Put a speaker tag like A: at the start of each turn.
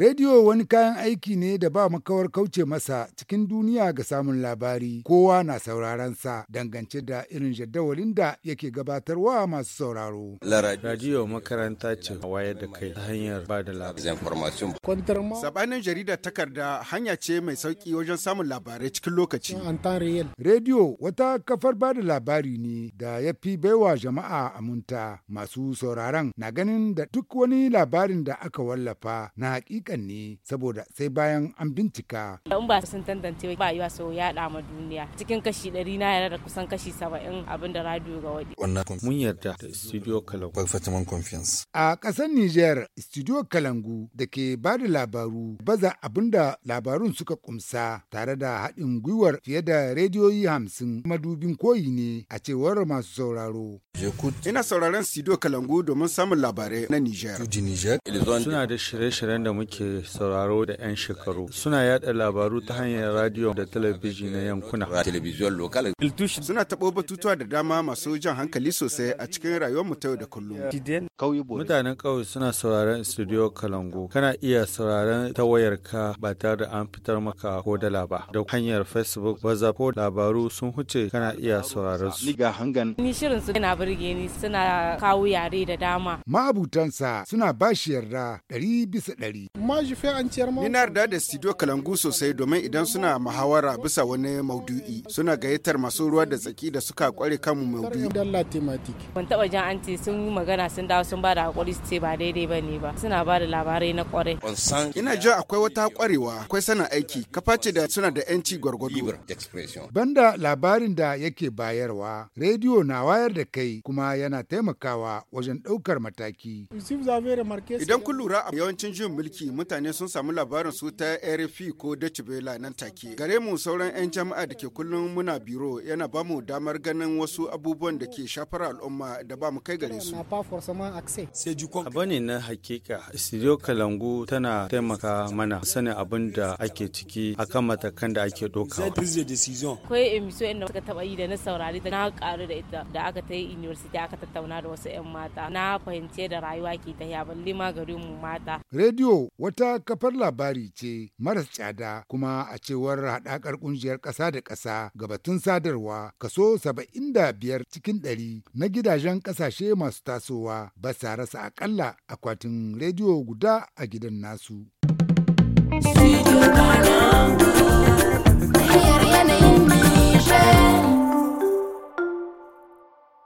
A: Rediyo wani kayan aiki ne da ba makawar kauce masa cikin duniya ga samun labari, kowa na sauraron sa dangance da irin jadawalin da yake gabatarwa masu sauraro.
B: Radiyo makaranta ce wayar da kai ta hanyar ba da labarai. Sabanin jarida
C: takarda hanya ce mai sauki wajen samun labarai cikin lokaci. Rediyo wata
A: kafar ba da labari ne da ya fi baiwa jama'a a munta masu sauraron na ganin da duk wani labarin da aka wallafa na hakika hakan ne saboda sai bayan
B: an bincika.
D: In ba sun tantance ba yi so ya ma duniya cikin kashi ɗari na yarda da kusan kashi saba'in abin da radio ga waɗi.
B: Mun yarda da Studio Kalangu.
D: Kwalfataman Confiance.
A: A ƙasar Nijar, Studio Kalangu da ke ba da labaru baza abin da labarun suka kumsa tare da haɗin gwiwar fiye da rediyoyi hamsin madubin
C: koyi ne a cewar masu sauraro. Ina sauraron Studio Kalangu domin samun labarai na Nijar.
B: Suna da shirye-shiryen da muke ke sauraro da 'yan shekaru suna yada labaru ta hanyar radiyo da talabijin na yankuna
C: suna taɓo batutuwa da dama masu jan hankali sosai a cikin rayuwar mu ta yau da kullum
B: mutanen ƙauye suna sauraron studio kalangu kana iya sauraron ta wayarka ba tare da an fitar maka ko dala ba da hanyar facebook whatsapp ko labaru sun huce kana iya sauraron su
D: ni shirin su yana burge ni suna kawo yare da dama
A: ma'abutansa suna bashi yarda ɗari bisa ɗari
D: Ni na
C: yarda da studio Kalangu sosai domin idan suna muhawara bisa wani maudu'i suna gayyatar masu ruwa da tsaki da suka kware kanmu maudu'i.
D: Ban taba jan anti sun magana sun dawo sun ba da hakuri su ce ba daidai ba ne ba. Suna ba da labarai na kwarai.
C: Ina jin akwai wata kwarewa akwai sana aiki kaface da suna da yanci gwargwado.
A: Banda labarin da yake bayarwa rediyo na wayar da kai kuma yana taimakawa wajen ɗaukar mataki.
C: Idan kun lura a yawancin juyin mulki mutane sun samu labarin su ta RFI ko Deutsche Welle nan take. Gare mu sauran 'yan jama'a da ke kullum muna biro yana ba mu damar ganin wasu abubuwan da ke shafar al'umma da ba mu kai gare su.
B: Abu ne na hakika, Studio Kalangu tana taimaka mana sanin abin da ake ciki akan matakan da ake dokawa. Akwai
D: emission inda suka taba yi da na saurari da na karu da ita da aka ta yi university aka tattauna da wasu 'yan mata. Na fahimce da rayuwa ke ta balle ma garin mu mata.
A: Rediyo wata kafar labari ce maras tsada kuma a cewar haɗakar ƙungiyar ƙasa da ƙasa gabatun sadarwa kaso saba'in da biyar cikin 100 na gidajen ƙasashe masu tasowa ba sa rasa akalla akwatin rediyo guda a gidan nasu.